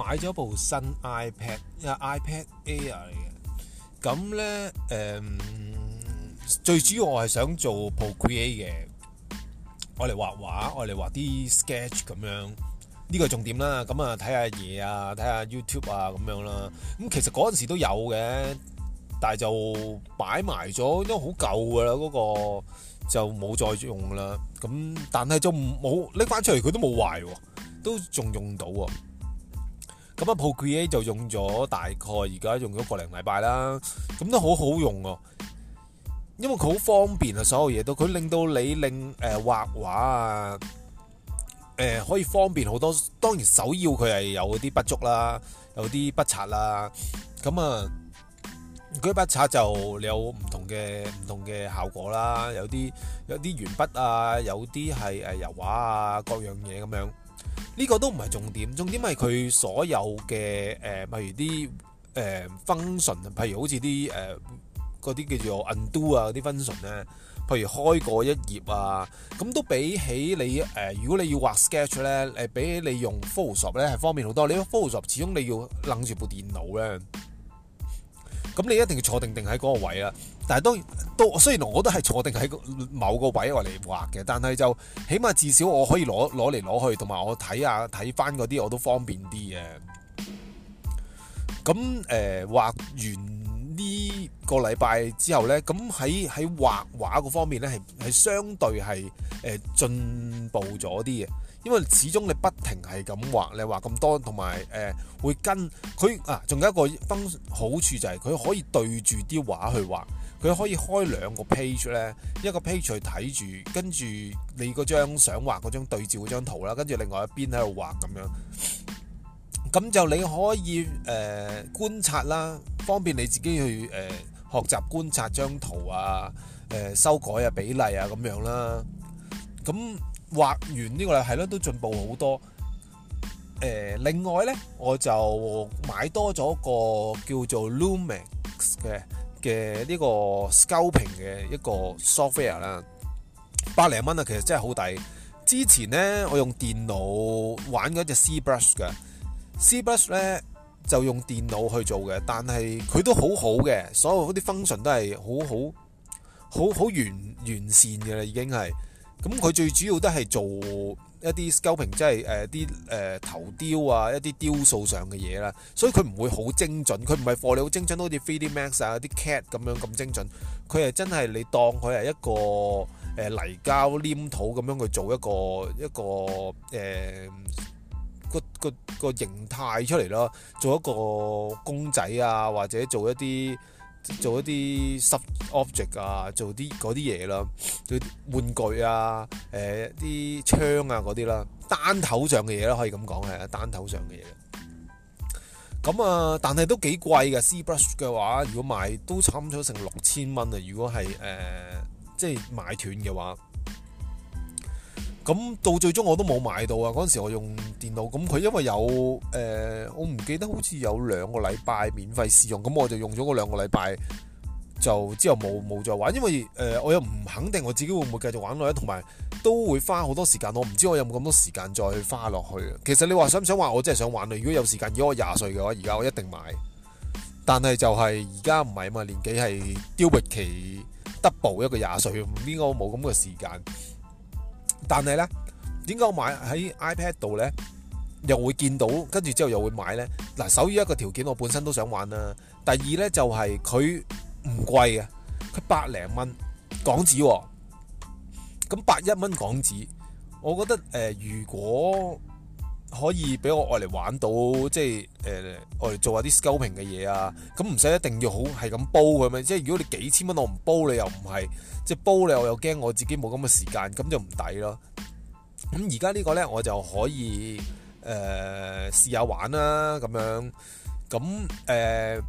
買咗部新 iPad,、uh, iPad，即係 iPad Air 嚟嘅。咁咧，誒、嗯，最主要我係想做部 Procreate 嘅，我嚟畫畫，我嚟畫啲 sketch 咁樣。呢個重點啦。咁啊，睇下嘢啊，睇下 YouTube 啊，咁樣啦。咁其實嗰陣時都有嘅，但係就擺埋咗，因為好舊噶啦，嗰、那個就冇再用啦。咁但係就冇拎翻出嚟，佢都冇壞，都仲用到、啊。咁啊 Procreate 就用咗大概而家用咗個零禮拜啦，咁都好好用喎、啊，因為佢好方便啊，所有嘢都，佢令到你令誒畫畫啊，誒、呃、可以方便好多。當然首要佢係有啲筆觸啦，有啲筆刷啦，咁啊，嗰筆刷就有唔同嘅唔同嘅效果啦，有啲有啲鉛筆啊，有啲係誒油畫啊，各樣嘢咁樣。呢個都唔係重點，重點係佢所有嘅誒，譬、呃、如啲誒 function，譬如好似啲誒嗰啲叫做 undo 啊啲 function 咧，譬如開個一頁啊，咁都比起你誒、呃，如果你要畫 sketch 咧，誒、呃、比起你用 Photoshop 咧係方便好多。你用 Photoshop 始終你要擰住部電腦咧。咁你一定要坐定定喺嗰個位啦，啊。但係當都，都雖然我都係坐定喺某個位我嚟畫嘅，但係就起碼至少我可以攞攞嚟攞去，同埋我睇下睇返嗰啲我都方便啲嘅。咁誒、呃、畫完呢個禮拜之後呢，咁喺喺畫畫嗰方面呢，係係相對係誒、呃、進步咗啲嘅。因為始終你不停係咁畫，你畫咁多，同埋誒會跟佢啊，仲有一個分好處就係、是、佢可以對住啲畫去畫，佢可以開兩個 page 咧，一個 page 去睇住，跟住你嗰張想畫嗰張對照嗰張圖啦，跟住另外一邊喺度畫咁樣，咁就你可以誒、呃、觀察啦，方便你自己去誒、呃、學習觀察張圖啊，誒、呃、修改啊比例啊咁樣啦，咁。畫完呢個啦，係咯，都進步好多。誒、呃，另外呢，我就買多咗個叫做 Lumix 嘅嘅呢個 sculpting 嘅一個 software 啦，百零蚊啊，其實真係好抵。之前呢，我用電腦玩嗰隻 CBrush 嘅 CBrush 呢，就用電腦去做嘅，但係佢都好好嘅，所有嗰啲 function 都係好好好好完完善嘅啦，已經係。咁佢最主要都係做一啲 sculpting 即係誒啲誒頭雕啊，一啲雕塑上嘅嘢啦。所以佢唔會好精準，佢唔係 for 你好精準，好似 f 3D max 啊、啲 cat 咁樣咁精準。佢係真係你當佢係一個誒、呃、泥膠黏土咁樣去做一個一個誒、呃、個個，個形態出嚟咯，做一個公仔啊，或者做一啲。做一啲 sub object 啊，做啲嗰啲嘢啦，做、啊、玩具啊，誒啲槍啊嗰啲啦，單頭像嘅嘢啦，可以咁講，係啊，單頭像嘅嘢。咁啊，啊，但係都幾貴㗎，C brush 嘅話，如果買都差唔多成六千蚊啊，如果係誒即係買斷嘅話。咁到最終我都冇買到啊！嗰陣時我用電腦，咁佢因為有誒、呃，我唔記得好似有兩個禮拜免費試用，咁我就用咗嗰兩個禮拜，就之後冇冇再玩，因為誒、呃、我又唔肯定我自己會唔會繼續玩落去，同埋都會花好多時間，我唔知我有冇咁多時間再花落去。其實你話想唔想，想玩，我真係想玩，如果有時間，如果我廿歲嘅話，而家我一定買，但係就係而家唔係嘛，年紀係凋零期，double 一個廿歲，邊個冇咁嘅時間？但係呢，點解我買喺 iPad 度呢？又會見到，跟住之後又會買呢。嗱，首於一個條件，我本身都想玩啦、啊。第二呢就，就係佢唔貴啊，佢百零蚊港紙，咁百一蚊港紙，我覺得誒、呃，如果。可以俾我外嚟玩到，即係誒，我、呃、嚟做下啲 scoping 嘅嘢啊。咁唔使一定要好係咁煲佢咩？即係如果你幾千蚊我唔煲，你又唔係即係煲你，我又驚我自己冇咁嘅時間，咁就唔抵咯。咁而家呢個咧，我就可以誒試下玩啦。咁樣咁誒、呃，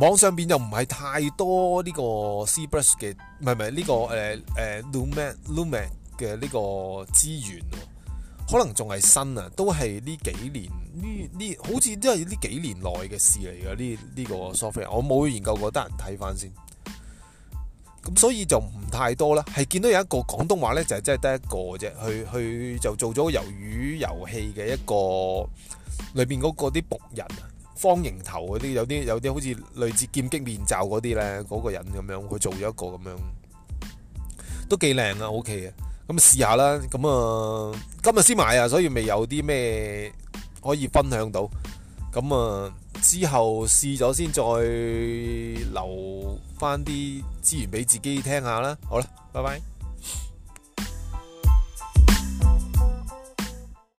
網上邊又唔係太多呢個 CBrush 嘅，唔係唔係呢個誒誒、呃呃、Lumat Lumat 嘅呢個資源。可能仲係新啊，都係呢幾年呢呢，好似都係呢幾年內嘅事嚟嘅呢，呢個 software 我冇研究過，得閒睇翻先。咁所以就唔太多啦，係見到有一個廣東話呢，就係真係得一個啫，佢佢就做咗魷魚遊戲嘅一個，裏面嗰個啲僕人，方形頭嗰啲，有啲有啲好似類似劍擊面罩嗰啲呢。嗰個人咁樣，佢做咗一個咁樣，都幾靚啊，OK 啊。咁試下啦，咁啊今日先買啊，所以未有啲咩可以分享到，咁啊之後試咗先，再留翻啲資源俾自己聽下啦。好啦，拜拜。